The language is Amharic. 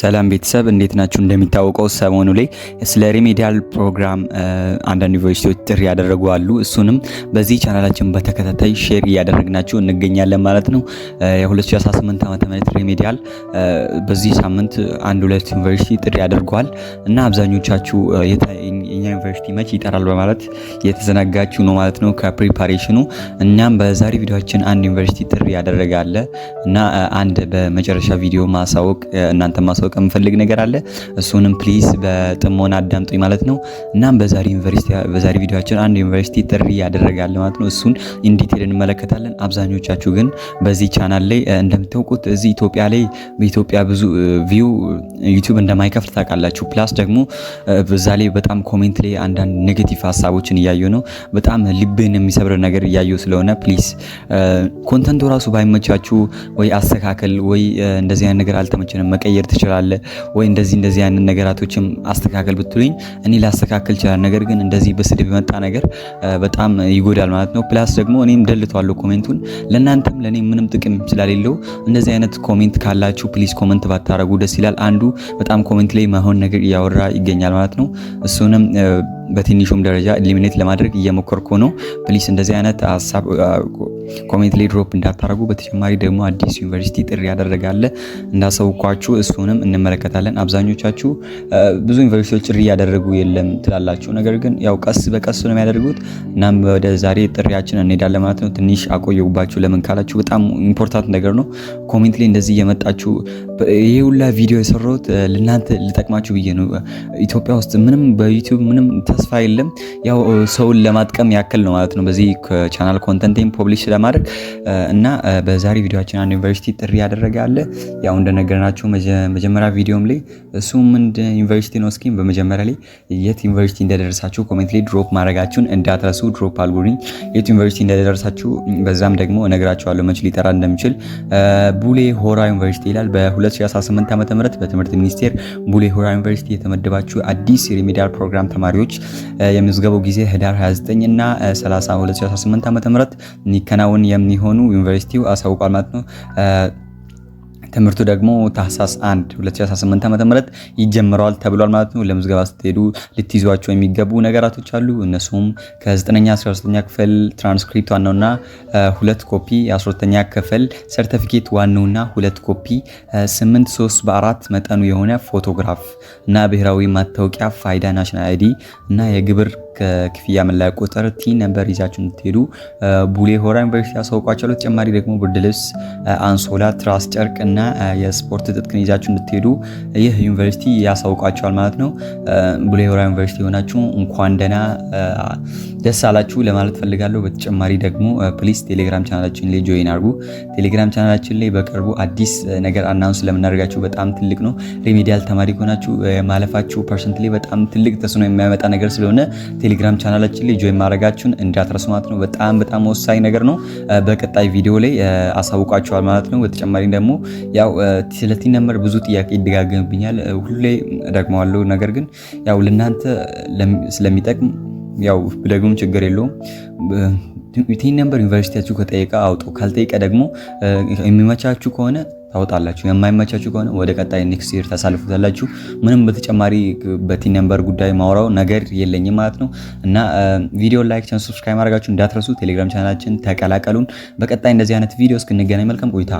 ሰላም ቤተሰብ እንዴት ናችሁ? እንደሚታወቀው ሰሞኑ ላይ ስለ ሪሜዲያል ፕሮግራም አንዳንድ ዩኒቨርሲቲዎች ጥሪ ያደረጉ አሉ። እሱንም በዚህ ቻናላችን በተከታታይ ሼር እያደረግናችሁ እንገኛለን ማለት ነው። የ2018 ዓ ም ሪሜዲያል በዚህ ሳምንት አንድ ሁለት ዩኒቨርሲቲ ጥሪ ያደርገዋል እና አብዛኞቻችሁ የኛ ዩኒቨርሲቲ መች ይጠራል በማለት የተዘናጋችሁ ነው ማለት ነው ከፕሪፓሬሽኑ። እኛም በዛሬ ቪዲዮችን አንድ ዩኒቨርሲቲ ጥሪ ያደረጋለ እና አንድ በመጨረሻ ቪዲዮ ማሳወቅ እናንተ ማስታወቅ የምፈልግ ነገር አለ። እሱንም ፕሊዝ በጥሞና አዳምጡኝ ማለት ነው። እናም በዛሬ ቪዲዮችን አንድ ዩኒቨርሲቲ ጥሪ ያደረጋለ ማለት ነው። እሱን ኢንዲቴል እንመለከታለን። አብዛኞቻችሁ ግን በዚህ ቻናል ላይ እንደምታውቁት እዚህ ኢትዮጵያ ላይ በኢትዮጵያ ብዙ ቪው ዩቲዩብ እንደማይከፍል ታውቃላችሁ። ፕላስ ደግሞ በዛ ላይ በጣም ኮሜንት ላይ አንዳንድ ኔጌቲቭ ሀሳቦችን እያየሁ ነው። በጣም ልብን የሚሰብር ነገር እያየ ስለሆነ ፕሊስ ኮንተንቱ ራሱ ባይመቻችሁ ወይ አስተካከል ወይ እንደዚህ አይነት ነገር አልተመቸንም መቀየር ትችላል ነገር አለ ወይ እንደዚህ እንደዚህ ያንን ነገራቶችም አስተካከል ብትሉኝ እኔ ላስተካከል ይችላል። ነገር ግን እንደዚህ በስድብ የመጣ ነገር በጣም ይጎዳል ማለት ነው። ፕላስ ደግሞ እኔም ደልተዋለሁ ኮሜንቱን ለእናንተም ለእኔ ምንም ጥቅም ስለሌለው እንደዚህ አይነት ኮሜንት ካላችሁ ፕሊዝ ኮመንት ባታረጉ ደስ ይላል። አንዱ በጣም ኮሜንት ላይ ማሆን ነገር እያወራ ይገኛል ማለት ነው። እሱንም በትንሹም ደረጃ ኢሊሚኔት ለማድረግ እየሞከርኩ ነው። ፕሊስ እንደዚህ አይነት ሀሳብ ኮሜንት ላይ ድሮፕ እንዳታረጉ። በተጨማሪ ደግሞ አዲስ ዩኒቨርሲቲ ጥሪ ያደረጋለ እንዳሰውኳችሁ እሱንም እንመለከታለን። አብዛኞቻችሁ ብዙ ዩኒቨርሲቲዎች ጥሪ እያደረጉ የለም ትላላችሁ፣ ነገር ግን ያው ቀስ በቀስ ነው የሚያደርጉት። እናም ወደ ዛሬ ጥሪያችን እንሄዳለን ማለት ነው። ትንሽ አቆየሁባችሁ። ለምን ካላችሁ በጣም ኢምፖርታንት ነገር ነው። ኮሜንት ላይ እንደዚህ እየመጣችሁ ይሄ ሁላ ቪዲዮ የሰራሁት ለእናንተ ልጠቅማችሁ ብዬ ነው። ኢትዮጵያ ውስጥ ምንም በዩቲዩብ ምንም ተስፋ የለም። ያው ሰውን ለማጥቀም ያክል ነው ማለት ነው። በዚህ ቻናል ኮንተንቴን ፐብሊሽ ለማድረግ እና በዛሬ ቪዲዮችን አንድ ዩኒቨርሲቲ ጥሪ ያደረገ አለ። ያው እንደነገርናቸው መጀመሪያ ቪዲዮም ላይ እሱ ምንድ ዩኒቨርሲቲ ነው። እስኪ በመጀመሪያ ላይ የት ዩኒቨርሲቲ እንደደረሳችሁ ኮሜንት ላይ ድሮፕ ማድረጋችሁን እንዳትረሱ። ድሮፕ አልጉልኝ የት ዩኒቨርሲቲ እንደደረሳችሁ። በዛም ደግሞ እነግራችኋለሁ መች ሊጠራ እንደሚችል። ቡሌ ሆራ ዩኒቨርሲቲ ይላል። በ2018 ዓ ም በትምህርት ሚኒስቴር ቡሌ ሆራ ዩኒቨርሲቲ የተመደባችሁ አዲስ ሪሚዲያል ፕሮግራም ተማሪዎች የምዝገባው ጊዜ ህዳር 29 እና 30 2018 ዓ ም ዘመናውን የሚሆኑ ዩኒቨርሲቲው አሳውቋል ማለት ነው። ትምህርቱ ደግሞ ታህሳስ 1 2018 ዓ.ም ይጀምረዋል ተብሏል ማለት ነው። ለምዝገባ ስትሄዱ ልትይዟቸው የሚገቡ ነገራቶች አሉ። እነሱም ከ9ኛ 12ኛ ክፍል ትራንስክሪፕት ዋናውና ሁለት ኮፒ፣ 12ኛ ክፍል ሰርተፊኬት ዋናውና ሁለት ኮፒ፣ 8 3 በአራት መጠኑ የሆነ ፎቶግራፍ እና ብሔራዊ ማታወቂያ ፋይዳ፣ ናሽናል አይዲ እና የግብር ከክፍያ መለያ ቁጥር ቲ ነበር ይዛችሁ እንድትሄዱ ቡሌ ሆራ ዩኒቨርሲቲ አሳውቋቸዋለሁ። ተጨማሪ ደግሞ ብርድ ልብስ፣ አንሶላ፣ ትራስ ጨርቅ እና እና የስፖርት ትጥቅን ይዛችሁ እንድትሄዱ ይህ ዩኒቨርሲቲ ያሳውቃቸዋል ማለት ነው። ቡሌ ሆራ ዩኒቨርሲቲ የሆናችሁ እንኳን ደህና ደስ አላችሁ ለማለት ፈልጋለሁ። በተጨማሪ ደግሞ ፕሊስ ቴሌግራም ቻናላችን ላይ ጆይን አድርጉ። ቴሌግራም ቻናላችን ላይ በቅርቡ አዲስ ነገር አናውንስ ስለምናደርጋችሁ በጣም ትልቅ ነው። ሪሚዲያል ተማሪ ከሆናችሁ ማለፋችሁ ፐርሰንት ላይ በጣም ትልቅ ተጽዕኖ የሚያመጣ ነገር ስለሆነ ቴሌግራም ቻናላችን ላይ ጆይን ማድረጋችሁን እንዳትረሱ ማለት ነው። በጣም በጣም ወሳኝ ነገር ነው። በቀጣይ ቪዲዮ ላይ አሳውቃችኋል ማለት ነው። በተጨማሪ ደግሞ ያው ስለ ቲን ነምበር ብዙ ጥያቄ ይደጋገምብኛል፣ ሁሌ እደግመዋለሁ። ነገር ግን ያው ለእናንተ ስለሚጠቅም ያው ብደግሙም ችግር የለውም። ቲን ነምበር ዩኒቨርሲቲያችሁ ከጠየቀ አውጡ፣ ካልጠየቀ ደግሞ የሚመቻችሁ ከሆነ ታወጣላችሁ የማይመቻችሁ ከሆነ ወደ ቀጣይ ኔክስት ይር ታሳልፉታላችሁ። ምንም በተጨማሪ በቲን ነምበር ጉዳይ ማውራው ነገር የለኝም ማለት ነው እና ቪዲዮ ላይክ፣ ቻን ሰብስክራይብ ማድረጋችሁ እንዳትረሱ። ቴሌግራም ቻናላችን ተቀላቀሉን። በቀጣይ እንደዚህ አይነት ቪዲዮ እስክንገናኝ መልካም ቆይታ